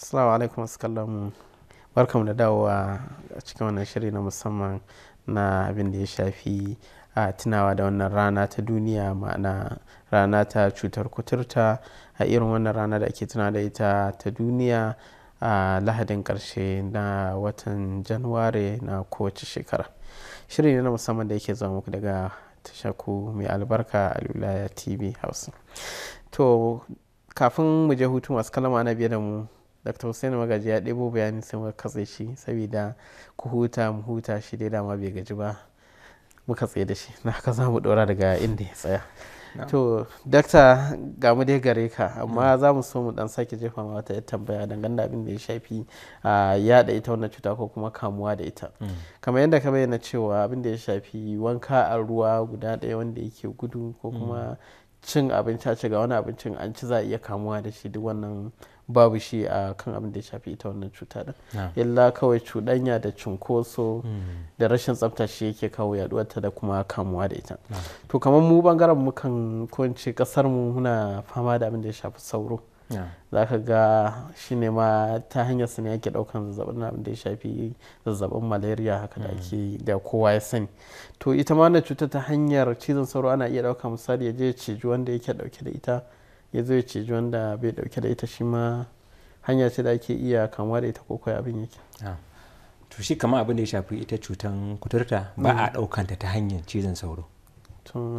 Assalamu alaikum assalamu barkamu da dawowa a cikin wannan shiri na musamman na abin da ya shafi a tunawa da wannan rana ta duniya ma'ana rana ta cutar kuturta a irin wannan rana da ake tuna da ita ta duniya a lahadin karshe na watan januware na kowace shekara shirin ne na musamman da yake zama muku daga tashaku mai albarka a lulaya tv hausa to kafin mu je hutu masu kalama na biyar da mu dr hussein magaji ya ɗebo bayanin sai muka katse shi saboda ku huta mu huta shi dai dama bai gaji ba muka tsaye da shi na haka za mu ɗora daga inda ya tsaya to dakta ga mu dai gare ka amma za mu so mu dan sake jefa ma wata tambaya dangane da abin da ya shafi yada ita wannan cuta ko kuma kamuwa da ita mm. kamar yadda ka bayyana cewa abin da ya shafi wanka a ruwa guda ɗaya wanda yake gudu ko kuma mm. cin abinci a ce ga wani abincin an ci za a iya kamuwa da shi duk wannan babu shi a kan abin da ya shafi ita wannan cuta din illa kawai cuɗanya da cunkoso mm. da rashin tsafta shi yake kawo yaduwar ta da kuma kamuwa da ita to kamar mu bangaren mukan kan kasar mu muna fama da abin da ya shafi sauro za ka ga shi ne ma ta hanyar sani ne ake daukan zazzabin abin da ya shafi zazzabin malaria haka da ake da kowa ya sani to ita ma wannan cuta ta hanyar cizon sauro ana iya dauka misali ya je ya ciji wanda yake dauke da ita ya zo ya ciji wanda bai dauke da ita shi ma hanya ce da ake iya kamuwa da ita ko kai abin yake to shi kamar abin da ya shafi ita cutan kuturta ba a daukan mm. ta hanyar cizon sauro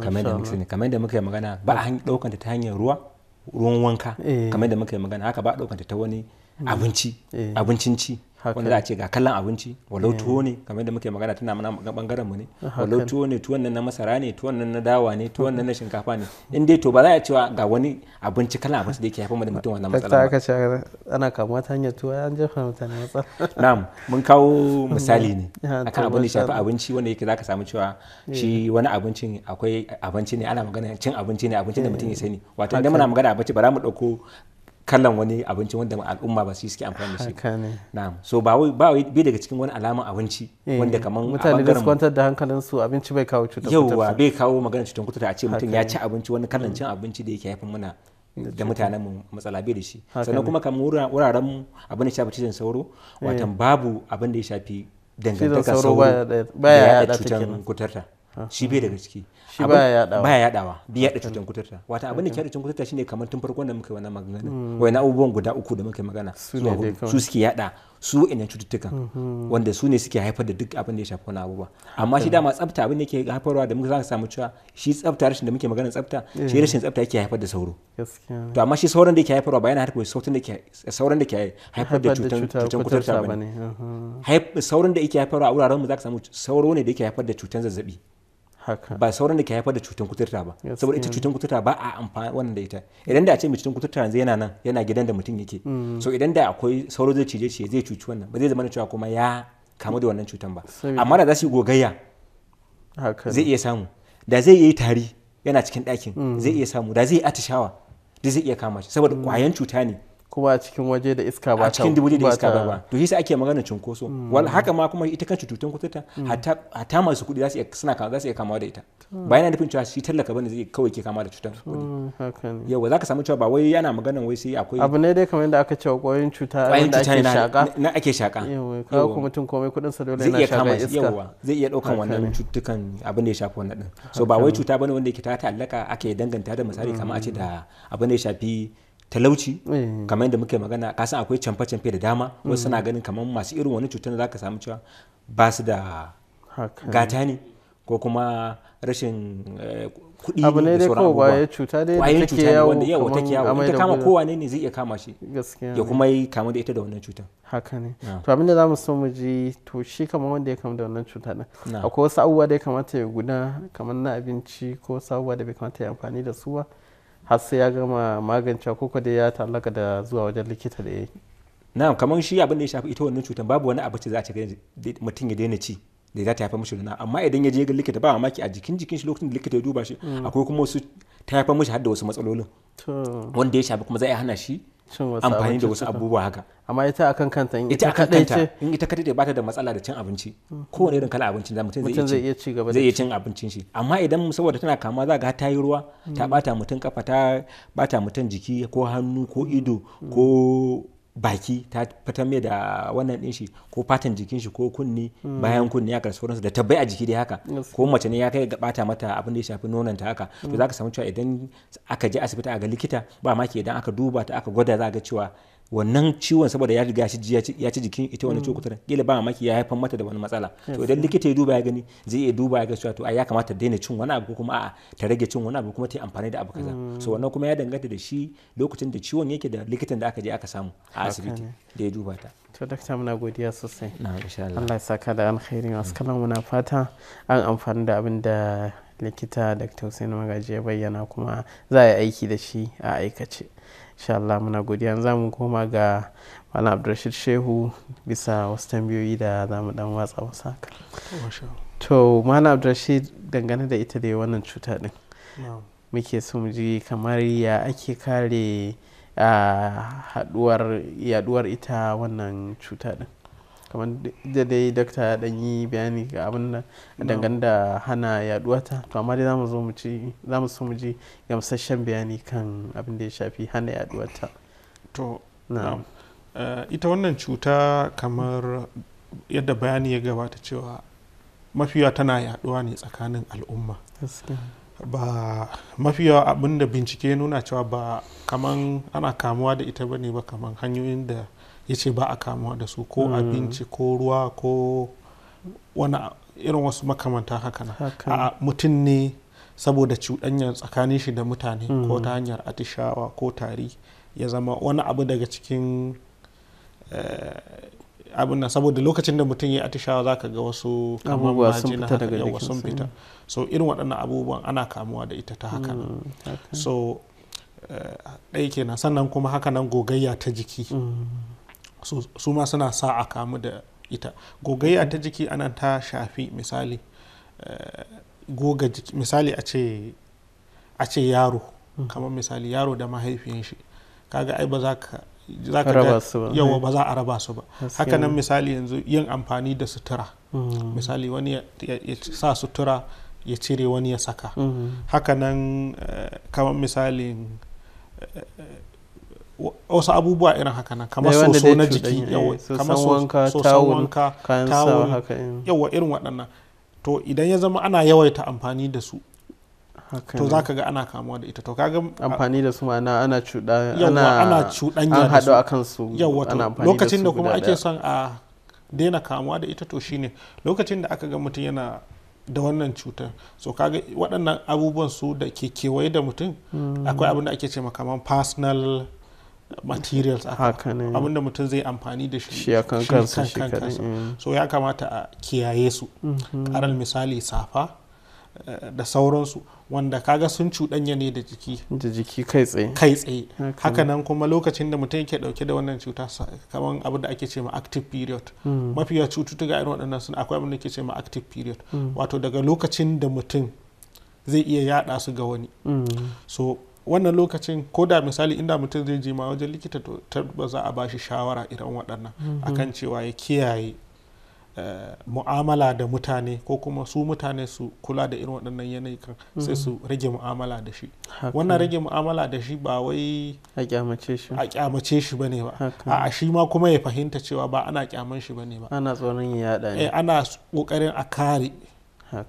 kamar da muka yi magana ba a ta ta hanyar ruwa ruwan wanka eh. kamar da muka yi magana haka ba ɗaukanta ta wani hmm. abinci eh. abincin ci wanda za a ce ga kallon abinci walau eh. tuwo ne kamar da muke magana tana mana bangaren mu ne walau tuwo ne tuwon nan na masara ne tuwon nan na dawa ne tuwon nan na shinkafa ne in dai to ba za a cewa ga wani abinci kallon abinci da yake haifar mu da mutum wannan matsala ba aka ana kamuwa ta hanyar tuwo an jefa mutane matsala na'am mun kawo misali ne akan abin da shafi abinci wanda yake zaka samu cewa eh. shi wani abincin akwai abinci ne ana magana cin abinci ne abincin da eh. mutum ya sani wato idan muna magana abinci ba za mu dauko kallon wani abinci wanda al'umma ba su suke amfani da shi na'am so ba wai ba wai daga cikin wani alaman abinci eh, wanda kaman mutane da su kwantar da hankalin su abinci bai kawo cutar Yau yawa bai kawo magana cutar kuta a ce mutum ya ci abinci wani kallon cin abinci da yake haifin muna da mutanen mu matsala bai da shi sannan kuma kamar wuraren mu abin da shafi cizon sauro eh. watan babu abin da ya shafi dangantakar sauro Ba ya da cutar kutarta shi bai daga ciki shi baya yadawa baya yadawa bi yada cutar kuturta wata abin da ke yada cutar kuturta shine kamar tun farko da muka yi wannan maganganun mm. wayan abubuwan guda uku da muka yi magana su suke yada su ina cututtukan mm-hmm. wanda su ne suke haifar da duk abin da ya shafi wani abubuwa amma shi dama tsafta abin da ke haifarwa da muka za samu cewa shi tsafta rashin da muke magana tsafta shi eh. rashin tsafta yake haifar da sauro to amma shi sauran da ke haifarwa ba yana haifar sautin da ke sauran da ke haifar da cutar kuturta bane mm-hmm. sauran da yake haifarwa a wuraren mu za ka samu sauro ne da yake haifar da cutar zazzabi ba sauran da ke haifar da cutar kuturta ba saboda ita cutar kuturta ba a amfani wannan da ita idan da a ce mai cutar kuturta yanzu yana nan yana gidan da mutum yake mm. so idan da akwai sauro zai cije shi zai cuci wannan ba zai zama cewa kuma ya kamu da wannan cutar ba amma da za su yi gogayya zai iya samu da zai yi tari yana cikin ɗakin mm. zai iya samu da zai yi atishawa duk zai iya kama shi saboda kwayan mm. cuta ne kuma a cikin waje da iska ba a cikin waje da iska ba ba to yasa ake magana cunkoso hmm. wal haka ma kuma ita kanta cutan kuturta hmm. hatta masu kuɗi za su iya kama za su iya da ita hmm. ba yana nufin cewa shi tallaka bane zai kawai ke kama da cutar ne yawa zaka samu cewa ba wai yana magana wai sai akwai abu ne dai kamar yadda aka ce kwayoyin cuta da ake shaka na ake shaka yawa kuma mutum komai kudin sa dole yana shaka iska yawa zai iya daukan wannan cutukan abin da ya shafi wannan din so ba wai cuta bane wanda yake ta ta'allaka ake danganta da misali kamar a ce da abin da ya shafi talauci eh. kamar yadda muke magana kasan akwai canfa-canfa canfe da dama wasu suna mm. ganin kamar masu irin wani cutar da ka samu cewa ba su da gata ne ko kuma rashin eh, kuɗi abu ne dai kawai ya cuta dai da take yawo wanda yawo take yawo ita kama kowa ne ne zai iya kama shi ya kuma yi kama da ita da wannan cutar haka ne to abin da zamu so mu ji to shi kamar wanda ya kama da wannan cuta din akwai wasu abubuwa da ya kamata ya guda kamar na abinci ko wasu abubuwa da bai kamata ya amfani da su ba har sai ya gama magance ko dai ya ta'allaka da zuwa wajen likita da yake na'am kamar shi abin da ya shafi ita wannan cutar babu wani ce za a ce mutum ya daina ci da za ta haifar mishi da amma idan ya je ga likita ba mamaki a jikin jikin shi lokacin da likita ya duba shi mm. akwai kuma wasu ta haifar mishi har da wasu matsalolin wanda ya shafi kuma za a hana shi amfani da wasu abubuwa haka amma ita akan kanta in ita kanta in ita kadai da bata da matsala da cin abinci mm. ko wani irin kala abincin da mutum zai iya ci gaba zai iya cin abincin shi amma idan saboda tana kama za ga ta yi ruwa ta bata mm. mutum kafa ta bata mutum jiki ko hannu ko ido mm. ko baki ta fitar mai da wannan din shi ko fatan jikin shi ko kunni bayan kunni ya da da tabbai a jiki dai haka ko mace ne ya kai ga bata mata abin da ya shafi nonon ta haka to mm. zaka samu cewa idan aka je asibiti a ga likita ba ma ke idan aka duba ta aka gwada za ga cewa wannan ciwon saboda ya riga ya ci jikin ita wani mm. cokutar kila ba mamaki ya haifar mata da wani matsala to idan likita ya duba ya gani zai iya duba ya ga cewa to ai ya kamata daina cin wani abu ko kuma a'a ta rage cin wani abu kuma ta amfani da abu kaza so mm. wannan kuma ya danganta da shi lokacin da ciwon yake da likitan da aka je aka samu a asibiti da ya duba ta to dakta muna godiya sosai Allah ya saka da alkhairi wasu kalan muna fata an amfani da abin da likita dr hussein magaji ya bayyana kuma za a yi aiki da shi a aikace insha Allah muna godiya za mu koma ga malam abdulrashid shehu bisa wasu tambayoyi da za mu dan watsa wasa to malam abdulrashid dangane da ita da wannan cuta din muke so mu ji kamar ya ake kare ah, haduwar ita wannan cuta din kamar da dai dakta ya ɗan yi bayani ga abin da dangane da hana yaduwa ta to amma dai za mu so mu ji gamsasshen bayani kan abin da ya shafi hana yaduwa ta to Na. Eh, ita wannan cuta kamar yadda bayani ya gabata cewa mafiya tana yaduwa ne tsakanin al'umma ba mafiya abin da bincike nuna cewa ba kaman ana kamuwa da ita ba ne ba kaman hanyoyin da ya ce ba a kamuwa da su ko hmm. abinci ko ruwa ko wani irin wasu makamanta haka na a mutum ne saboda cuɗanya tsakanin shi da mutane ko hmm. ta hanyar atishawa ko tari ya zama wani abu daga cikin eh, abin na saboda lokacin da mutum ya atishawa za ka ga wasu abubuwa sun fita daga yawa sun fita so irin waɗannan abubuwan ana kamuwa da ita ta haka hmm, so eh, ɗaya kenan sannan kuma haka nan gogayya ta jiki su ma suna sa a kamu da ita gogayya ta jiki ana ta shafi misali eh, goga jiki misali a ce yaro hmm. kamar misali yaro da mahaifiyan shi kaga ai ba za ka yawa ba za a raba su ba haka nan misali yanzu yin amfani da sutura hmm. misali wani ya sa sutura ya cire wani ya saka hmm. haka nan eh, kamar misali eh, wasu abubuwa irin haka nan kamar soso na jiki eh, kamar soson wanka tawul eh. yawa irin waɗannan to idan ya zama ana yawaita amfani da su to za ka ga ana kamuwa da ita to kaga amfani da su ma'ana ana cuɗa ana cuɗanya an haɗu akan su yawa to lokacin da kuma ake son a daina kamuwa da ita to shine lokacin da aka ga mutum yana da wannan cutar so kaga waɗannan abubuwan su da ke kewaye da mutum hmm. akwai abin da ake ce makaman personal materials abinda mutum zai amfani da shi kan kansa eh. so ya kamata a kiyaye su karal mm-hmm. misali safa eh, da sauransu wanda kaga sun cuɗanya ne da jiki da jiki kai tsaye kai tsaye hakanan kuma lokacin da mutum yake dauke da wannan cuta kamar abu da ake ce ma active period mm. mafiya cututtuka irin waɗannan sun akwai abin da ke ce active period mm. wato daga lokacin da mutum zai iya yada su ga wani mm. so wannan lokacin ko da misali inda mutum zai je ma wajen likita ba za a ba shi shawara irin waɗannan mhm. akan cewa ya kiyaye eh, mu'amala da mutane ko kuma su mutane su kula da irin waɗannan yanayi kan mhm. sai su rage mu'amala da shi wannan rage mu'amala da shi ba wai a kyamace shi ba ne ba a shi ma kuma ya fahimta cewa ba ana kyaman shi ba ne ba ana tsoron yada ne eh, ana kokarin a kare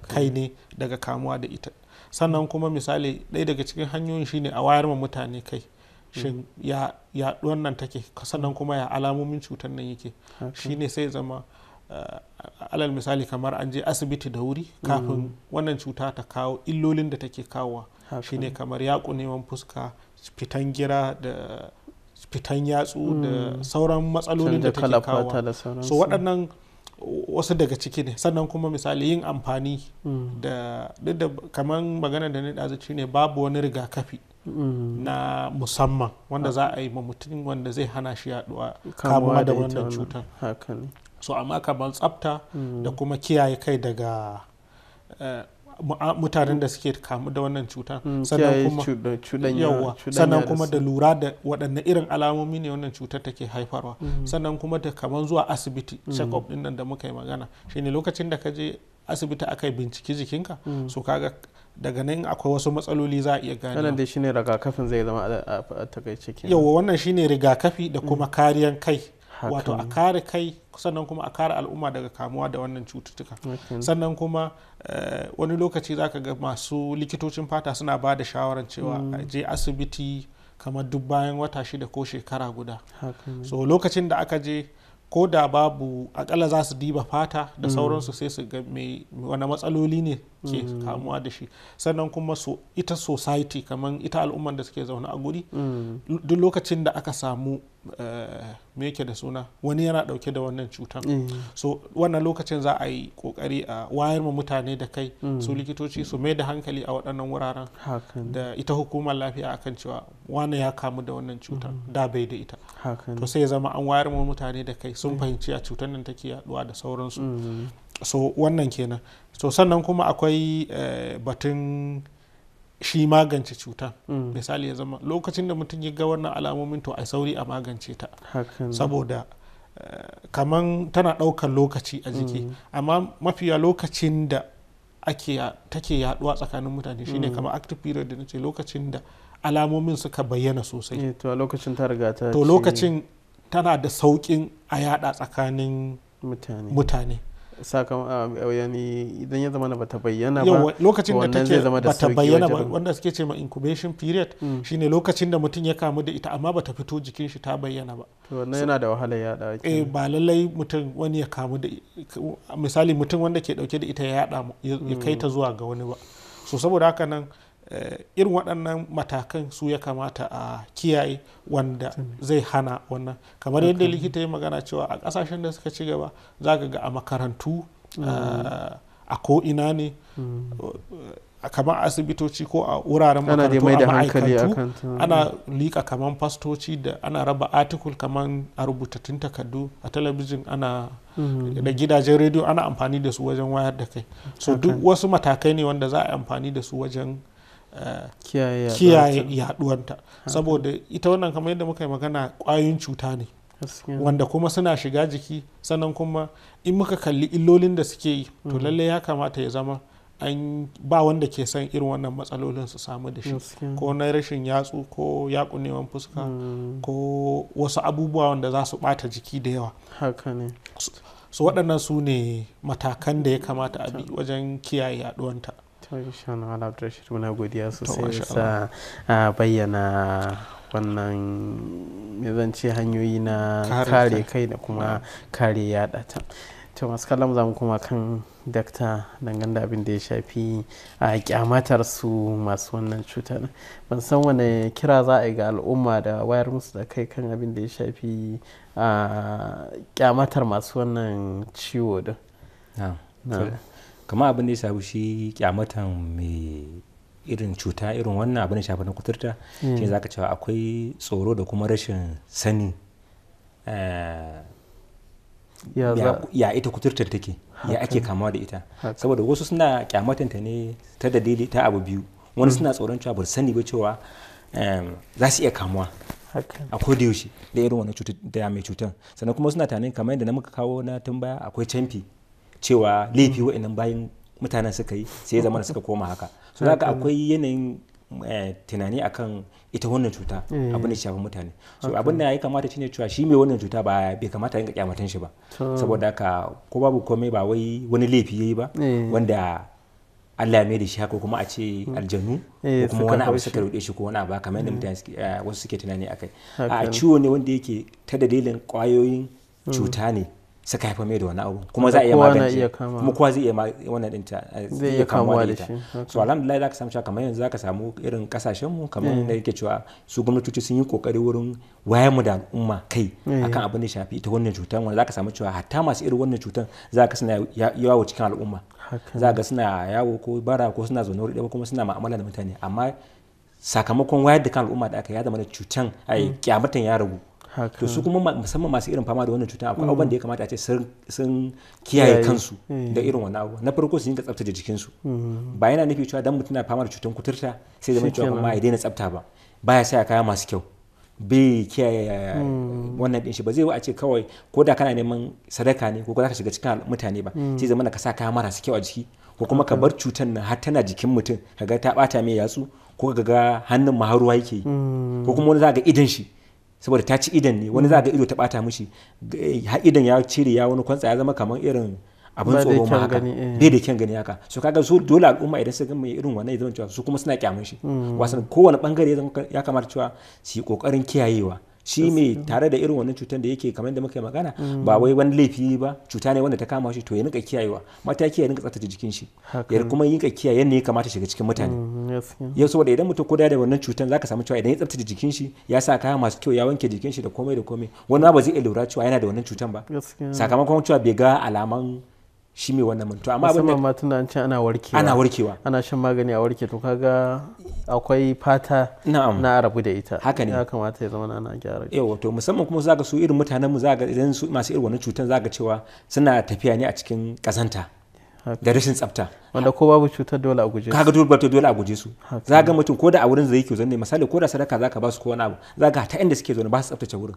kai ne daga kamuwa da ita sannan kuma misali ɗaya daga cikin hanyoyin shine a wayar ma mutane kai shin ya wannan nan take sannan kuma ya alamomin cutar nan yake shine sai zama eh, alal misali kamar an je asibiti da wuri mm. kafin wannan cuta ta kawo illolin da take kawowa shine kamar neman fuska fitan gira da fitan yatsu da mm. sauran matsalolin da take kawo so waɗannan wasu daga ciki ne sannan kuma misali yin amfani da duk da kamar magana da ni ɗazu ne babu wani rigakafi mm. na musamman wanda za a yi ma mutum wanda zai hana shi yaduwa kamuwa da wannan cutar so amma kamar tsafta da mm. kuma kiyaye kai daga eh, mutanen da suke kamu da wannan cutar mm, sannan kuma da lura da waɗanne irin alamomi ne wannan cutar take haifarwa mm. sannan kuma da kamar zuwa asibiti mm. check-up din nan da muka yi magana shine lokacin da ka je asibiti aka binciki jikinka so kaga daga nan akwai wasu matsaloli za a iya gane wannan dai shine rigakafin zai zama a takaice yawa wannan shine rigakafi da kuma kariyan kai wato a kare kai sannan kuma a kare al'umma daga kamuwa da wannan cututtuka sannan kuma eh, wani lokaci zaka ga masu likitocin fata suna ba da shawaran cewa mm. je asibiti kamar duk bayan wata shida ko shekara guda so lokacin da aka je ko da babu akalla za su diba fata da mm. sauransu sai su ga wani matsaloli ne ke mm. kamuwa da shi sannan kuma ita society kamar ita al'umman da suke zaune a guri duk lokacin da aka samu Eh, me yake da suna wani yana dauke da wannan cutar mm. so wannan lokacin za a yi kokari a wayar mu mutane da kai mm. su likitoci su mai da hankali a waɗannan wuraren da ita hukumar lafiya akan cewa wani ya kamu da wannan cutar mm. da bai da ita to sai ya zama an wayar mu mutane da kai sun fahimci a cutar nan take yaduwa da sauransu so wannan kenan so sannan kuma akwai eh, batun shi magance cuta misali ya zama lokacin da mutum ya ga wannan alamomin to a sauri a magance ta saboda eh, kaman tana ɗaukar lokaci a jiki mm. amma mafiya lokacin da ake take yaduwa tsakanin mutane shine mm. kamar active period da nace lokacin da alamomin suka bayyana sosai eh, to a lokacin ta riga ta to lokacin tana da saukin a yada tsakanin mutane idan ya zama bata bayyana ba lokacin da take bata bayyana ba wanda suke ce ma incubation period mm. shine lokacin da mutum ya kamu da ita amma bata fito jikin shi ta bayyana ba to wannan yana da wahala ya da eh ba lallai mutum wani ya kamu da misali mutum wanda ke dauke da ita ya yada ya mm. kai ta zuwa ga wani ba so saboda haka nan Eh, irin waɗannan matakan su ya kamata a kiyaye wanda zai hana wannan kamar yadda likita ya magana cewa a ƙasashen da suka ci gaba za ga a makarantu mm. eh, a ko'ina ne mm. eh, kamar asibitoci ko a wuraren makarantu a ma'aikatu ana liƙa kamar fastoci da ana raba article kamar a rubutattun takardu a talabijin ana mm. da gidajen rediyo ana amfani da su wajen wayar da kai so duk wasu matakai ne wanda za a amfani da su wajen kiyaye yaduwanta saboda ita wannan kamar yadda muka yi magana kwayoyin cuta ne wanda kuma suna shiga jiki sannan kuma in muka kalli illolin da suke yi to mm-hmm. lallai ya kamata ya zama an ba wanda ke son irin wannan matsalolin su samu da shi ko na rashin yatsu ko kunewan fuska mm. ko wasu abubuwa wanda za su bata jiki da yawa su waɗannan su ne matakan da ya kamata a bi wajen kiyaye yaduwanta Inshallah Abdurrashid muna godiya sosai sa bayyana wannan zan ce hanyoyi na kare kai da kuma kare yada ta. to masu kallon zamu kuma kan dakta dangane da abin da ya shafi a kyamatar su masu wannan cutar ban san wane kira za a yi ga al'umma da wayar musu da kai kan abin da ya shafi a kyamatar masu wannan ciwo da kama abin da ya shafi shi kyamatan mai irin cuta irin wannan abin da shafi na kuturta mm. shi za ka cewa akwai tsoro da kuma rashin sani eh, ya ita kuturtar take ya ake kama da ita saboda wasu suna ta ne ta dalili ta abu biyu wani mm. suna tsoron cewa ba sani ba cewa za su iya kamuwa a da yaushe da irin wani cuta da mai cutar sannan kuma suna tanin kamar yadda na muka kawo na tun baya akwai canfi. cewa mm. laifi wa'annan bayan mutanen suka yi sai zama da suka koma haka so aka akwai yanayin eh, tunani akan ita wannan cuta mm. abin da shafi mutane so abin da ya kamata shine cewa shi mai wannan cuta ba bai kamata yin kyamatan shi ba saboda haka ko babu komai ba wai wani laifi yayi ba eh. wanda Allah ya mai da shi haka kuma a ce mm. aljanu ko eh, kuma wani abu suka rude shi ko wani abu kamar yadda wasu suke tunani akai a ciwo ne wanda yake ta dalilin kwayoyin cuta ne Saka haifar mai da wani abu kuma za a iya magance kuma kowa zai iya wannan din ta zai iya kamuwa da ita so alhamdulillah ka samu cewa kamar yanzu ka samu irin kasashen mu kamar eh. yadda yake cewa su gwamnatoci sun yi kokari wurin wayar mu da al'umma kai eh. akan abin da shafi ita wannan cutar wanda ka samu cewa hatta masu irin wannan cutar ka suna yawo cikin al'umma za ka suna yawo ko bara ko suna zaune wuri kuma suna ma'amala da mutane amma sakamakon wayar da kan al'umma da aka ya zama da cutan ai kyamatan eh. ya ragu to su kuma musamman masu irin fama da wannan cutar akwai abubuwan mm. da ya kamata a ce sun kiyaye kansu mm. da irin wannan abu na farko su dinga tsaftace jikinsu mm. ba yana nufi cewa dan mutum na fama da cutar kuturta sai zama cewa kuma ya daina tsafta ba baya sa kaya masu kyau bai kiyaye eh, wannan din shi ba zai a ce kawai ko da kana neman sadaka ne ko za ka shiga cikin mutane ba sai zama ka sa kaya marasa kyau a jiki ko kuma ka bar cutar nan har tana jikin mutum kaga ta bata mai yatsu ko ga hannun maharuwa yake ko kuma wani za ga idan shi saboda ta ci idan ne wani mm. za ga ido ta bata mishi har idan ya cire ya wani kwantsa ya zama kamar irin abin tsoro ma haka eh. bai da kyan gani haka so kaga su dole al'umma idan su gama irin wannan ya zama cewa su kuma suna kyamun shi mm. wasan kowane bangare ya kamata cewa su yi kokarin kiyayewa shi mai tare da irin wannan cutar da yake kamar da muka yi magana ba mm. wai wani laifi ba cuta ne wanda ta kama shi to ya nika kiyayewa mataki ya nika tsaftace jikin shi ya kuma ka kiyaye ne ya kamata shiga cikin mutane mm, yau saboda idan mutum ko da wannan cutar zaka samu cewa idan ya tsaftace jikin shi ya sa kaya masu kyau ya wanke jikin shi da komai da komai wani ba zai iya lura cewa yana da wannan cutar ba sakamakon cewa bai ga alaman shi mai wannan mun amma abin da ma tunda an ce ana warkewa ana warkewa ana shan magani a warke to kaga akwai fata na rabu da ita haka ne ya kamata ya zama ana gyara yawa to musamman kuma zaka su irin mutanen mu zaka idan su masu irin wannan cutan zaka cewa suna tafiya ne a cikin kazanta da rashin tsafta wanda ko babu cutar dole a guje su kaga dole dole a guje su zaka mutum ko da a wurin da yake zanne misali ko da sadaka zaka ba su ko wani abu zaka ta inda suke zaune ba su tsaftace wurin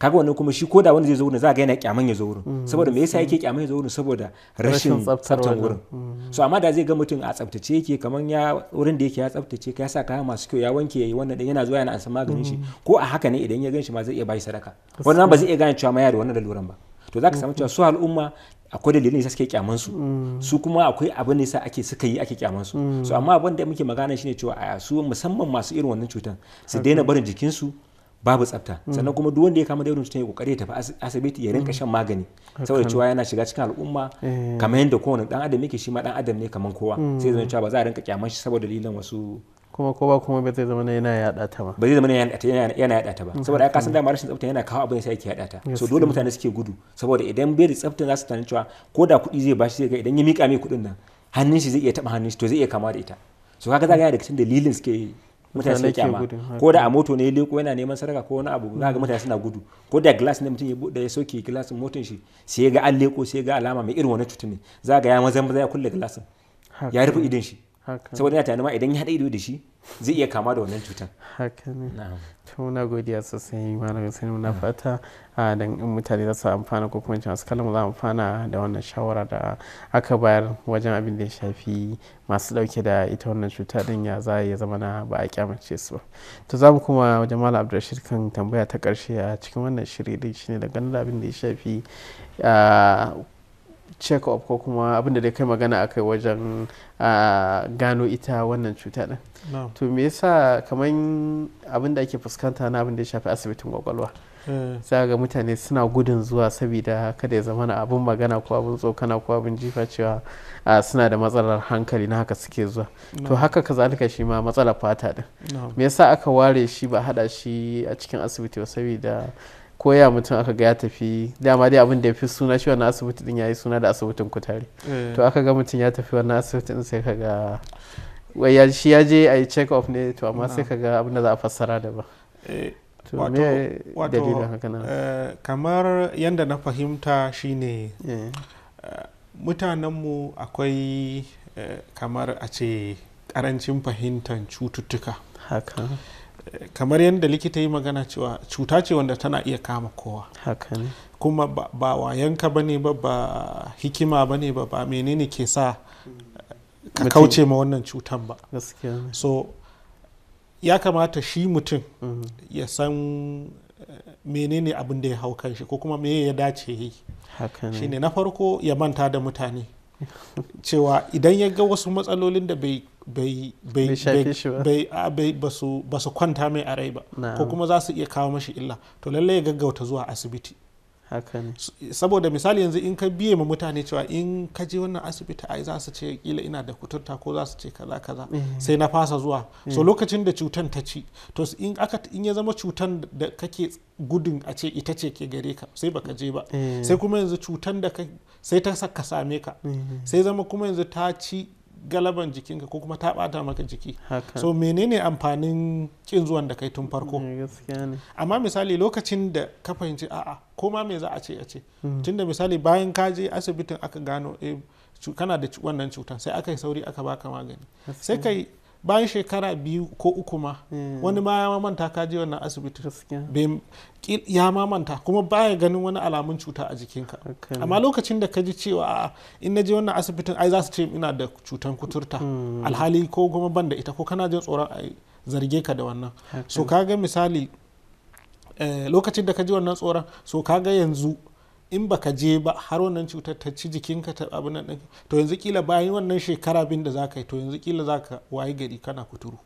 kaga wannan kuma shi koda wanda zai zo wurin za ga yana kyaman ya zo wurin mm, saboda me yasa yake kyaman ya zo wurin saboda rashin tsaftar wurin mm. so amma da zai ga mutum a tsaftace yake kaman ya wurin da yake ya tsaftace ka ya sa kaya masu kyau ya wanke yayi wannan din yana zuwa yana ansa maganin shi mm. ko a haka ne idan ya gan shi ma zai iya bashi sadaka wannan ba zai iya gane cewa ma ya da wannan da luran ba to zaka samu cewa su al'umma akwai dalilin da suke kyaman su su kuma akwai abin da yasa ake suka yi ake kyaman su so amma abin da muke magana shine cewa a su musamman masu irin wannan cutan su daina barin jikin su babu tsafta hmm. sannan kuma duk wanda ya kama da yawan cutar ya kokari ya tafi asibiti ya rinka hmm. shan magani saboda cewa yana shiga cikin al'umma eh. kamar yadda kowane dan adam yake shi ma dan adam ne kamar kowa hmm. sai zama cewa ba za a rinka kyaman shi saboda dalilan wasu kuma ko ba kuma ba zai zama yana yada ta ba ba zai zama yana yada ta ba saboda aka san dama rashin tsafta yana kawo abin sai yake yada ta so dole mutane suke gudu saboda idan bai da tsafta za su tana cewa ko da kuɗi zai bashi zai ga idan ya mika mai kuɗin nan hannun shi zai iya taɓa hannun shi to zai iya kama da ita so kaga za ga yana da cikin dalilin suke mutane suke kyama ko da a moto ne leko yana neman sarka ko wani abu ga ga mutane suna gudu ko da glass ne mutum da ya soke glass motin shi sai ga an leko sai ga alama mai irin wani cutu ne za ga ya maza maza ya kulle glass ya rufe idin shi saboda yana tunanin ma idan ya haɗa ido da shi zai iya kama da wannan cutar. haka ne to na godiya sosai malam sani na fata dan in mutane za su amfana ko kuma masu kallon za amfana da wannan shawara da aka bayar wajen abin da ya shafi masu dauke da ita wannan cuta din ya za ya zama na ba a kyamace su ba to za mu kuma wajen malam abdulrashid kan tambaya ta karshe a cikin wannan shiri din shine da ganin abin da ya shafi check up ko kuma abin da dai kai magana a kai wajen gano ita wannan cuta din to me yasa kaman abin da ake fuskanta na abin da ya shafi asibitin kwakwalwa eh. za ga mutane suna gudun zuwa saboda kada ya zama abin magana ko abin tsokana ko abin jifa cewa suna da matsalar hankali na haka suke zuwa to haka ka kazalika shi ma matsalar fata din me yasa aka ware shi ba haɗa shi a cikin asibiti ba saboda ko ya mutum aka ga ya tafi dama dai abin da ya fi suna shi wannan asibiti din yayi suna da asibitin kutare eh. to aka ga mutum ya tafi wannan asibitin sai ka ga wai ya shi ya je a yi check off ne to amma sai ah. ka ga abin da za a fassara da ba eh, wato eh, kamar yadda na fahimta shine mutanenmu akwai kamar a ce karancin fahimtar cututtuka haka kamar yadda likita yi magana cewa cuta ce wanda tana iya kama kowa kuma ba wayanka ba ne ba ba hikima ba ne ba ba menene ke sa ka kauce ma wannan cutan ba so ya kamata shi mutum mm-hmm. ya san eh, menene abin da ya hau kanshi ko kuma me ya dace yi shine na farko ya manta da mutane cewa idan ya ga wasu matsalolin da bai bai ba su kwanta mai a rai ba ko kuma za su iya kawo mashi illa to lallai ya gaggauta zuwa asibiti saboda misali yanzu in ka biye ma mutane cewa in ka je wannan asibiti ai za su ce kila ina da kuturta ko za su ce kaza kaza eh. sai na fasa zuwa so eh. lokacin da cutan ta ci to in aka in ya zama cutan da kake gudun a ce ita ce ke gare ka sai baka je ba eh. sai kuma yanzu cutan da sai ta saka same ka sai zama kuma yanzu ta ci galaban jikinka ko kuma ta bata maka jiki so menene amfanin kin zuwan da kai tun farko eh, amma misali lokacin da ka fahimci a'a ko ma me za a ce a ce hmm. tunda misali bayan ka je asibitin aka gano eh, kana da wannan cutar sai aka yi sauri aka baka magani sai kai bayan shekara biyu ko uku ma hmm. wani ma ya manta ka je wannan asibiti ya ma manta kuma baya ganin wani alamun cuta a jikinka amma lokacin da ka ji cewa a in na je wannan asibitin ai za su ce ina da cutan kuturta hmm. alhali ko kuma ban da ita ko kana jin tsoron a zarge ka da wannan so kaga misali eh, lokacin da ka ji wannan tsoron so kaga yanzu in ba ka je ba har wannan cutar ta ci jikinka ta abin nan to yanzu kila bayan wannan shekara bin da zaka yi to yanzu kila zaka wayi gari kana kuturu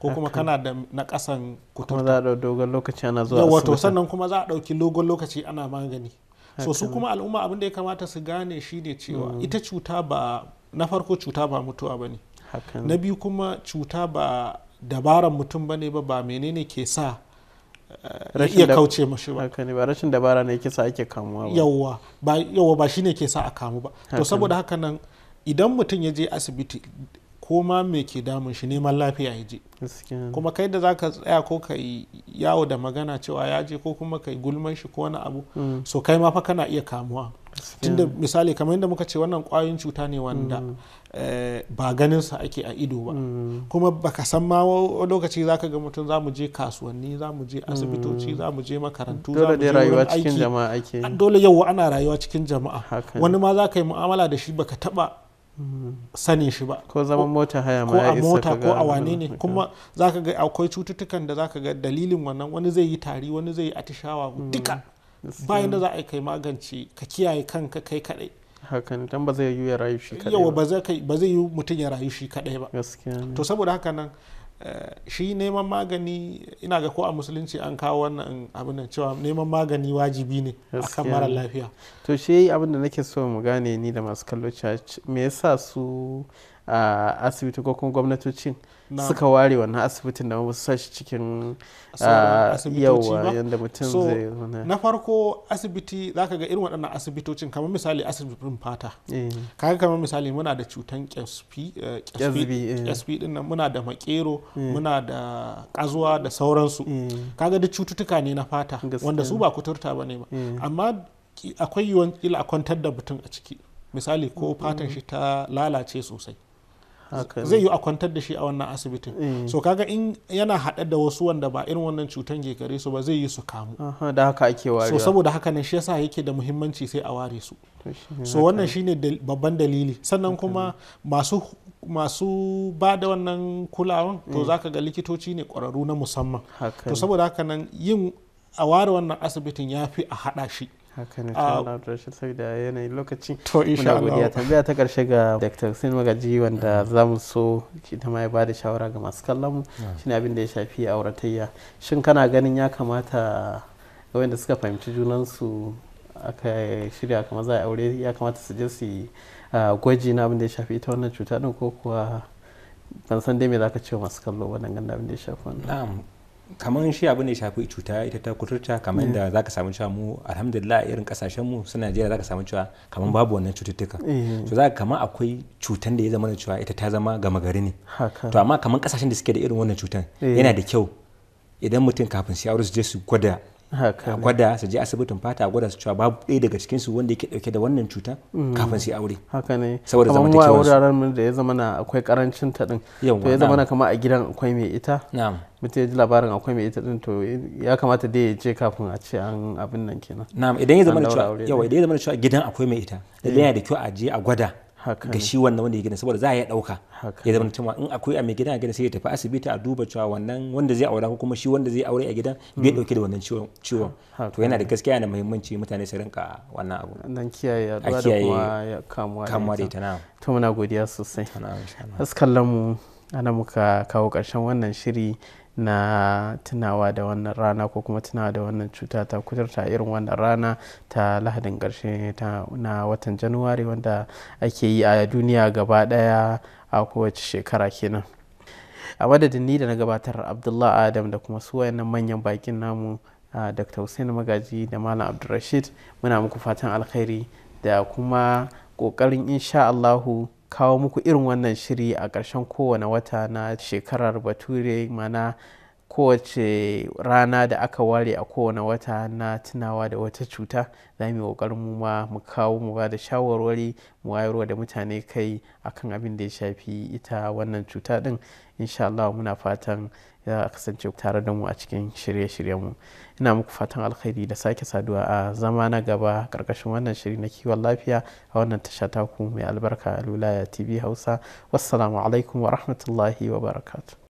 ko kuma kana da na kasan kuturu kuma za a dogon lokaci ana zuwa asibiti wato sannan kuma za a dauki dogon lokaci ana magani so su kuma al'umma abin da ya kamata su gane shine cewa mm. ita cuta ba na farko cuta ba mutuwa ba ne na biyu kuma cuta ba dabaran mutum bane ba ba menene ke sa iya kauce mashi ba haka ne ba rashin dabara ne yake ake kamuwa ba yawwa ba yawwa ba shine ke sa a kamu ba to saboda haka nan idan mutum ya je asibiti ko ma me ke damun shi neman lafiya ya je kuma kai da zaka tsaya ko ka yawo da magana cewa ya je ko kuma ka gulman shi ko wani abu mm. so kai ma fa kana iya kamuwa tunda misali kamar yadda muka ce wannan kwayoyin cuta ne wanda mm. eh, ba ganin sa ake a ido ba mm. kuma baka san ma lokaci zaka ga mutum zamu je kasuwanni zamu je asibitoci mm. zamu je makarantu zamu je rayuwa cikin jama'a ake ah, dole yau ana rayuwa cikin jama'a wani ma zaka yi mu'amala da shi baka taba sani shi ba ko zama mota haya ma ya a mota ko a wane ne kuma zaka ga akwai cututtukan da zaka ga dalilin wannan wani zai yi tari wani zai yi atishawa duka bayan da za a yi kai magance ka kiyaye kanka kai kadai hakan dan ba zai yiwu ya rayu shi kadai yawa ba zai yiwu mutum ya rayu shi kadai ba to saboda haka nan eh, shi neman magani ina ga ko a musulunci an kawo wannan abin nan cewa neman magani wajibi ne akan mara lafiya to shi abin da nake so mu gane ni da masu kallo church me yasa su ah, asibiti ko kuma gwamnatocin suka ware wannan asibitin da ba sashi cikin ah, yawa yadda mutum zai na farko asibiti za ka ga irin waɗannan asibitocin kamar misali asibitin fata eh. kaga kamar misali muna da cutan kyasfi eh, eh. ɗin nan muna da makero muna da ƙazuwa da sauransu kaga da cututtuka ne na fata wanda su ba kuturta ba ne ba amma akwai yiwuwar kila a kwantar da mutum a ciki misali ko mm. fatan shi ta lalace sosai zai yi a kwantar da shi a wannan asibitin eh. so kaga in yana haɗe da wasu wanda ba irin wannan cutar ke su ba zai yi su kamu da haka ake so saboda haka ne shi yasa yake da muhimmanci sai a ware su so wannan shine babban dalili sannan kuma masu ba da wannan kulawan to eh. zaka ga likitoci ne kwararru na musamman to saboda haka nan yin a ware wannan asibitin ya fi a haɗa shi haka ne ta da shi saboda yanayin lokaci to insha Allah tambaya ta karshe ga Dr. Hussein Magaji wanda mm. zamu so shi ta ma ya bada shawara ga masu kallon mu mm. shine abin da ya shafi auratayya shin kana ganin ya kamata ga wanda suka fahimci junansu aka shirya kamar za a aure ya kamata su je su gwaji na abin da ya shafi ita wannan cuta din ko kuwa ban san dai me za ka ce masu kallo wannan abin da ya shafi wannan kamar shi abin da shafi cuta ita ta kuturta kamar mm. da ka samu cewa mu alhamdulillah irin kasashen mu su Najeriya ka samu cewa kamar babu wannan cututtuka eh. to za ka kamar akwai cutan da ya zama cewa ita ta zama gama gari ne to amma kamar kasashen da suke da irin wannan cutan eh. yana da kyau idan mutum kafin sai aure su je su gwada a gwada su je asibitin fata a gwada su cewa babu ɗaya daga cikin su wanda yake dauke da wannan cuta mm. kafin su yi aure haka ne saboda zama ta wuraren mun da ya zama na akwai karancin ta din to ya zama na kama a gidan akwai mai ita mutum ya ji labarin akwai mai ita din to ya kamata dai ya je kafin a ce an abin nan kenan na'am idan ya zama na cewa yawa idan ya zama na cewa gidan akwai mai ita da eh. yana da kyau a je a gwada ga shi wannan wanda ya gina saboda za a ya dauka ya zama cewa in akwai a mai gidan a gidan sai ya tafi asibiti a duba cewa wannan wanda zai aura ko kuma shi wanda zai aure a gidan bai dauke mm. da wannan ciwon to yana da gaskiya yana muhimmanci mutane su rinka wannan abu nan kiyaye da kuma kamuwa kamuwa da ita na to muna godiya sosai askallan mu ana muka kawo karshen wannan shiri na tunawa da wannan rana ko kuma tunawa da wannan cuta ta kudurta irin wannan rana ta lahadin ƙarshe na watan januwari wanda ake yi a duniya gaba ɗaya a kowace shekara kenan a madadin ni da na gabatar abdullah adam da kuma su wayannan manyan bakin namu dr hussein magaji da malam abdulrashid muna muku fatan alkhairi da kuma ƙoƙarin insha kawo muku irin wannan shiri a ƙarshen kowane wata na shekarar bature mana kowace rana da aka ware a kowane wata na tunawa da wata cuta za mu yi mu ma mu kawo mu ba da shawarwari mu wayarwa da mutane kai akan abin da ya shafi ita wannan cuta din insha Allah muna fatan ya a kasance tare da mu a cikin shirye mu. ina muku fatan alkhairi da sake saduwa a zama na gaba karkashin wannan shiri na kiwon lafiya a wannan tasha taku mai albarka lulaya tv hausa wassalamu alaikum wa rahmatullahi wa barakatuh